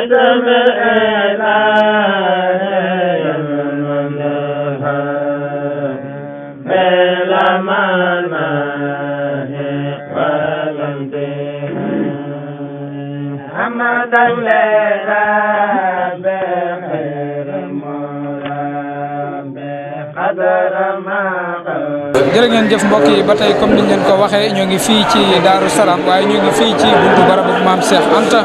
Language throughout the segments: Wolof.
قدر ما قدر jërë ngeen jef mbokk yi ba tey comme niñ leen ko waxee ñoo ngi fii ci Daaru Salaam waaye ñoo ngi fii ci buntu barabu maam Cheikh Anta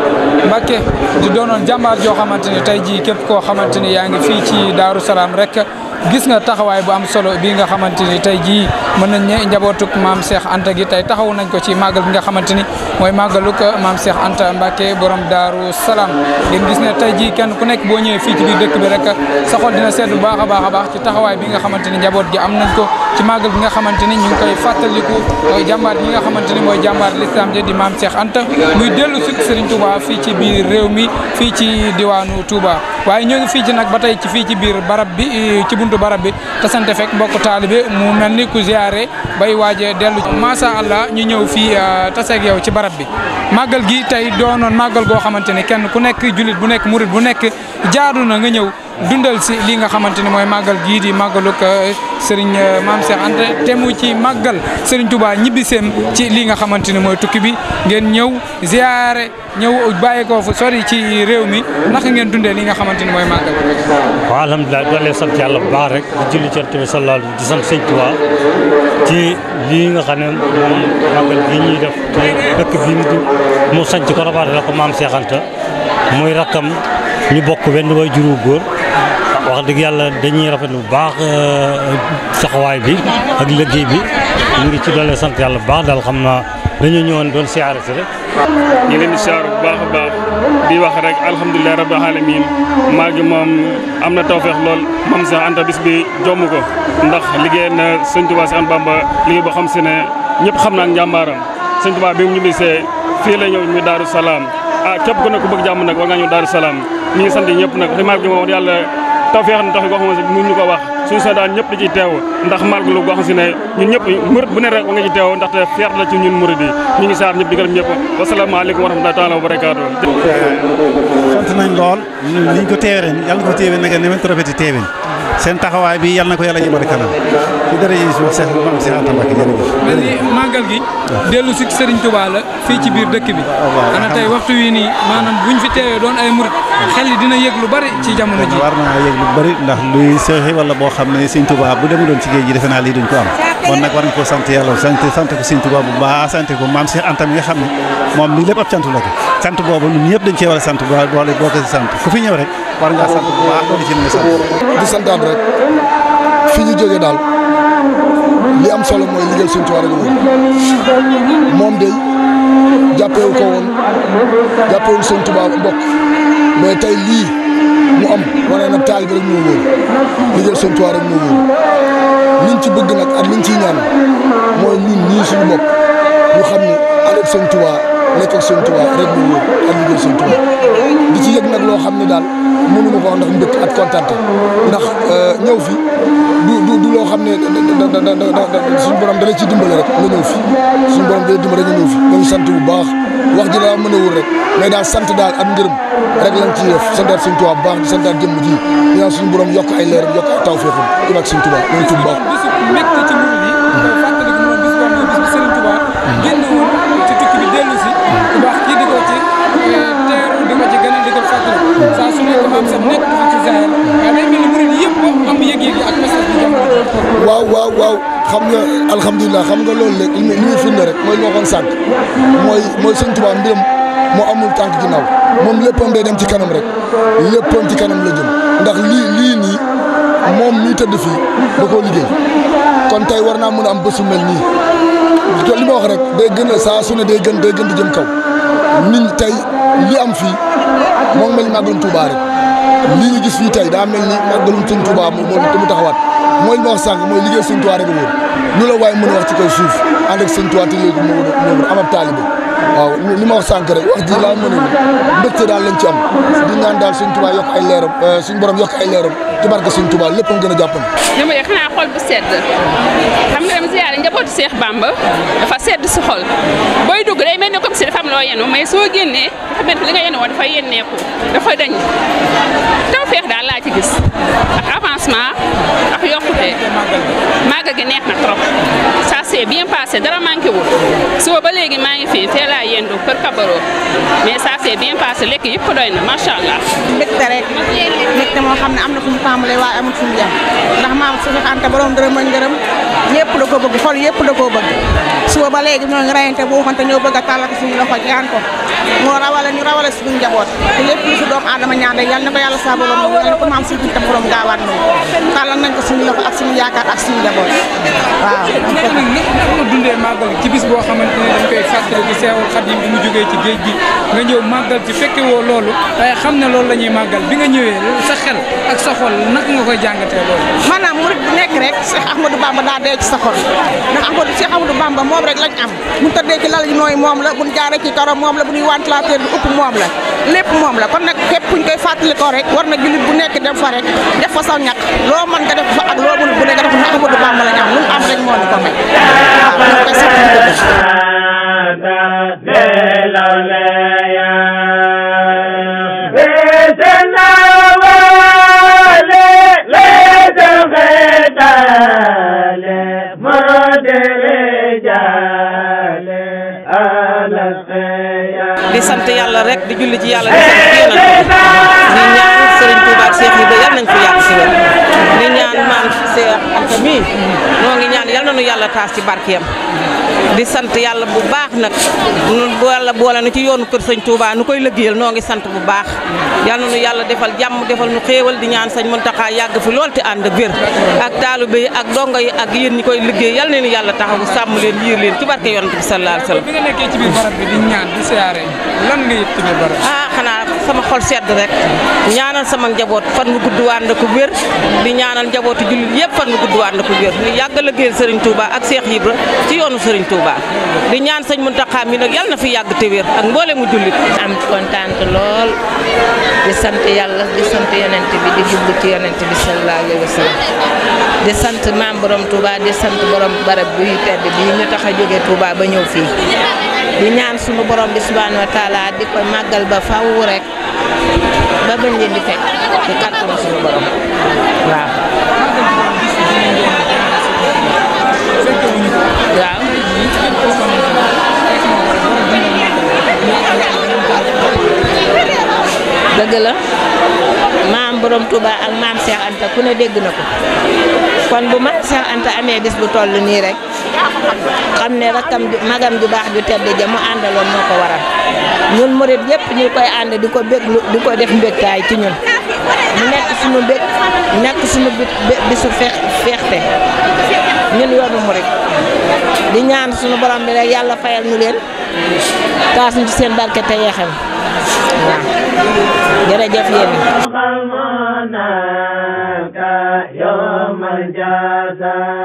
Mbacke di doonoon jàmbaar joo xamante ni tey jii képp koo xamante ni yaa ngi fii ci Daaru Salaam rek gis nga taxaway bu am solo bi nga xamanteni tay ji meun nañ ne njabotuk mam Cheikh Anta gi tay taxaw nañ ko ci magal bi nga xamanteni moy magaluk mam Cheikh Anta mbake borom daru salam dem gis ne tay ji kenn ku nek bo ñëwee fi ci bi dekk bi rek sa xol dina seetlu baax baaxa baax baax ci taxaway bi nga xamanteni njabot gi am nañ ko ci magal bi nga xamanteni ñu koy fataliku moy jambar yi nga xamanteni moy jambar l'islam je di mam Cheikh Anta muy delu ci Serigne Touba fi ci bi réew mi fii ci diwanu Touba waye ñu ngi fii ci nak batay ci fi ci bir barab bi buntu barab bi te sant fekk mbokk taalibe mu mel ni ku ziare bay waaje dellu macha allah ñu ñëw fii euh, taseeg yow ci barab bi màggal gi tey doonoon màggal goo xamante ne kenn ku nekk jullit bu nekk murit bu nekk jaadu na nga ñëw dundal si li nga xamante ni mooy màggal gii di màggaluk euh, Serigne euh, Maam Cheikh Anta te mu ci màggal Serigne Touba ñibbiseem ci lii nga xamante ni mooy tukki bi ngeen ñëw ziyaare ñëw bàyyi ko fu sori ci réew mi naka ngeen dundee li nga xamante ni mooy màggal. waaw alhamdulilah doole sant yàlla rek di julli ci Yonent bi sallallahu alayhi wa ci lii nga xam ne moom màggal gi def te dëkk bii mu sanc ko rabaate la ko Maam Cheikh Anta rakkam ñu bokk benn waajur wu góor. wax dëgg yàlla dañuy rafet bu baax euh, taxawaay bi ak liggéey bi mu ngi ci doole sant yàlla bu baax dal xam na dañuy ñëwoon doon siyaare si rek. ñu leen di siyaare baax baax di wax rek alhamdulilah rabbil alamin maa ngi moom am na tawfeex lool moom sax anta bis bi jomm ko ndax liggéey na sëñ Tuubaa si an Bamba liggéey boo xam si ne ñëpp xam naa njàmbaaram sëñ Tuubaa bi mu ñu bisee fii la ñëw ñu daaru salaam ah képp ku ne bëgg jàmm nag war nga ñëw tawfeex na tax goo xam ne mënuñu ko wax suusadaan ñëpp di ci teew ndax màggalu goo xam si ne ñun ñëpp murid bu ne rek nga ci teew ndaxte feer la ci ñun murid yi ñu ngi saar ñëpp di gërëm ñëpp wasalaamaaleykum wa rahmatullahi taala wa barakaatu sant nañ lool ni ñu ko teewee yàlla ko teewee nag ne men tropeti teewee seen taxawaay bi yàlla na ko yàlla jëmale kanam ci dara yi suuf seex maam seex Anta Mbacke jërëjëf mel ni màggal gi dellu si Serigne Touba la fii ci biir dëkk bi ana tey waxtu wi nii maanaam buñ fi teewee doon ay murid xel yi dina yëg lu bari ci jamono ji war naa lu bari ndax luy seexi wala boo xam ne sëñ Touba bu demuloon ci géej gi defe naa lii duñ ko am kon nag war nañ koo sant yàlla sant sant ko sëñ Touba bu baa sant ko maam Cheikh Anta mi nga xam ne moom lii lépp ab cant la ko sant boobu ñun ñëpp dañ cee war a sant ba doole boo ko si sant ku fi ñëw rek war ci di santaat rek fi ñu jógee daal li am solo mooy liggéey sëñ Touba moom day jàppewu ko woon jàppewul sëñ Touba mbokk mais tey lii mu am wane na taalibe rek moo wóor liggéey Sëñ Tuubaa rek moo ci bëgg nag ak liñ ciy ñaan mooy ñun ñii suñu bopp ñu xam ne alal Sëñ nekk ak Sëñ Tuubaa rek mu wóor ak liggéey Sëñ Tuubaa di ci yëg nag loo xam ne daal mënuñu ko wax ndax mbëkk ak kontaan ndax euh, ñëw fi du du du loo xam ne da da da suñu borom dana ci dimbale rek nga ñëw fi suñu borom dana dimbale nga ñëw fi ñu sant bu baax wax ji daal mën a wóor rek mais daal sant daal ak ngërëm rek lañ ciy def santaat Sëñ Tuubaa bu baax di santaat jëmm ji ñu naan suñu borom yokk ay leeram yokk ay tawfeexam di mag Sëñ Tuubaa loolu ci bu waaw waaw waaw xam nga alhamdulilah xam nga loolu léegi li muy firnde rek mooy li ma waxoon mooy mooy Sëñ Tuubaa mbiram moo amul tànk ginnaaw moom léppam day dem ci kanam rek léppam ci kanam la jëm ndax lii lii nii moom mii tëdd fii da koo liggéey kon tey war naa mun am bésu mel nii li ma wax rek day gën a saa su day gën day gën di jëm kaw nit ñi tey li am fii moom mel ni màggal Tuubaa rek. lii ñu gis fii tey daa mel ni màggalum Sëñ Tuubaa mu taxawaat mooy li ma wax sànq mooy liggéey Sëñ Tuubaa rek a wóor lu la waaye mën wax ci kaw suuf ànd ak Sëñ Tuubaa te léegi moo moo amab taalibe waaw li ma wax sànq rek wax ji laa mënoon mbégte daal lañ ci am di ñaan daal Sëñ Tuubaa yokk ay leeram euh, suñ borom yokk ay leeram ci barke Sëñ Tuubaa lépp nga gën a jàppal dama yëg xanaa xol bu sedd xam nga dem ziyaare njabootu Seex Bàmba dafa sedd si xol no mais soo génnee nga xamante li nga yenu woon dafa yenneeku dafa dañ tawfeex daal laa ci gis avant avancement ak yokkute màggal gi neex na trop ça s'est bien dara manqué wul suba ba léegi maa ngi fii fee laa yendu kër Kabaro mais ça s'est bien passé lekk yëpp doy na macha allah. mbégte rek mbégte moo xam ne am na fu mu tàmbalee waaye amul fu mu yem ndax maam su fexe ante borom dërëm ak ngërëm yëpp da koo bëgg xol yëpp da koo bëgg suba ba léegi ñoo ngi rayante boo xamante ñoo bëgg a tàllal suñu loxo ñaan ko. moo rawale ñu rawale suñu njaboot te lépp lu fi doomu aadama ñaan rek yal na ko yàlla saabaloon moom yal na ko maam suñu suñu loxo ak suñu yaakaar ak suñu njaboot waaw nekk nag nit nga bis boo xamante ne dañ koy fàttali ci seewul Xaadim bi ci géej gi nga ñëw màggal ci fekke woo loolu waaye xam ne loolu la ñuy màggal bi nga ñëwee sa xel ak sa xol naka nga koy jàngatee loolu rek Cheikh Ahmadou Bamba daa dee ci sa xol ndax Ahmadou Cheikh Ahmadou Bamba moom rek lañ am bu ñu tëddee ci lal yu nooy moom la bu ñu jaaree ci karo moom la bu ñuy ventilateur bi upp moom la lépp moom la kon nag képp kuñ koy fàttali rek war na jullit bu nekk dem fa rek def fa saw ñàkk loo mën nga def fa ak loo mën bu ne nga def na Ahmadou lañ am lu mu am rek moo ñu ko may sant yàlla rek di julli ci yàlla di sant yéen a ngi ñaan Serigne Touba ak Cheikh yi ba yàlla nañ fi yàgg si wér. di ñaan maam Seex Anta noo ngi ñaan yal na nu yàlla taas ci barkeem di sant yàlla bu baax nag nu yàlla boole nu ci yoonu kër sëñ Touba nu koy lëggéeyal noo ngi sant bu baax yal na nu yàlla defal jàmm defal nu xéewal di ñaan sëñ Muntaxa yàgg fi lool te ànd ak wér ak taalu yi ak dongo yi ak yéen ñi koy liggéey yal na nu yàlla taxawu sàmm leen yiir leen ci barke yonent bi sallallahu alayhi wa sallam bi nga nekkee ci biir barab bi di ñaan di siyaare lan sama xol sedd rek ñaanal sama njabot fan mu gudd wànd ko wër di ñaanal njabot jullit yépp fan mu gudd wànd ko wër ñu yàgg liggéeyal Serigne Touba ak Cheikh Ibra ci yoonu Serigne Touba di ñaan sëñ muntaka mi nak yalla na fi yàgg te wër ak mbolé mu jullit am contente lool di sante yalla di sante yonent bi di jublu ci yonent bi sallallahu alayhi wasallam di sante maam borom Touba di sante borom barab bi tedd bi ñu taxa a Touba ba ñëw fi di ñaan suñu borom bi subhanahu wa taala di ko magal ba faw rek ba bañ leen di fekk ci suñu borom waaw. dëgg la maam boroom tubaa ak maam Cheikh Anta ku ne dégg na ko kon bu maam Cheikh Anta amee bis bu toll nii rek. xamne rakam magam du bax du tedde ja mo àndaloon moo ko waral ñun murit yépp ñu koy and di ko bég di ko def mbégtaay ci ñun mu nekk suñu bég nekk suñu bisu fex fexte ñun yoonu murit di ñaan suñu borom bi rek yalla fayal ñu leen taas ñu ci seen barke te yeexal waaw jërëjëf yéen يوم الجزاء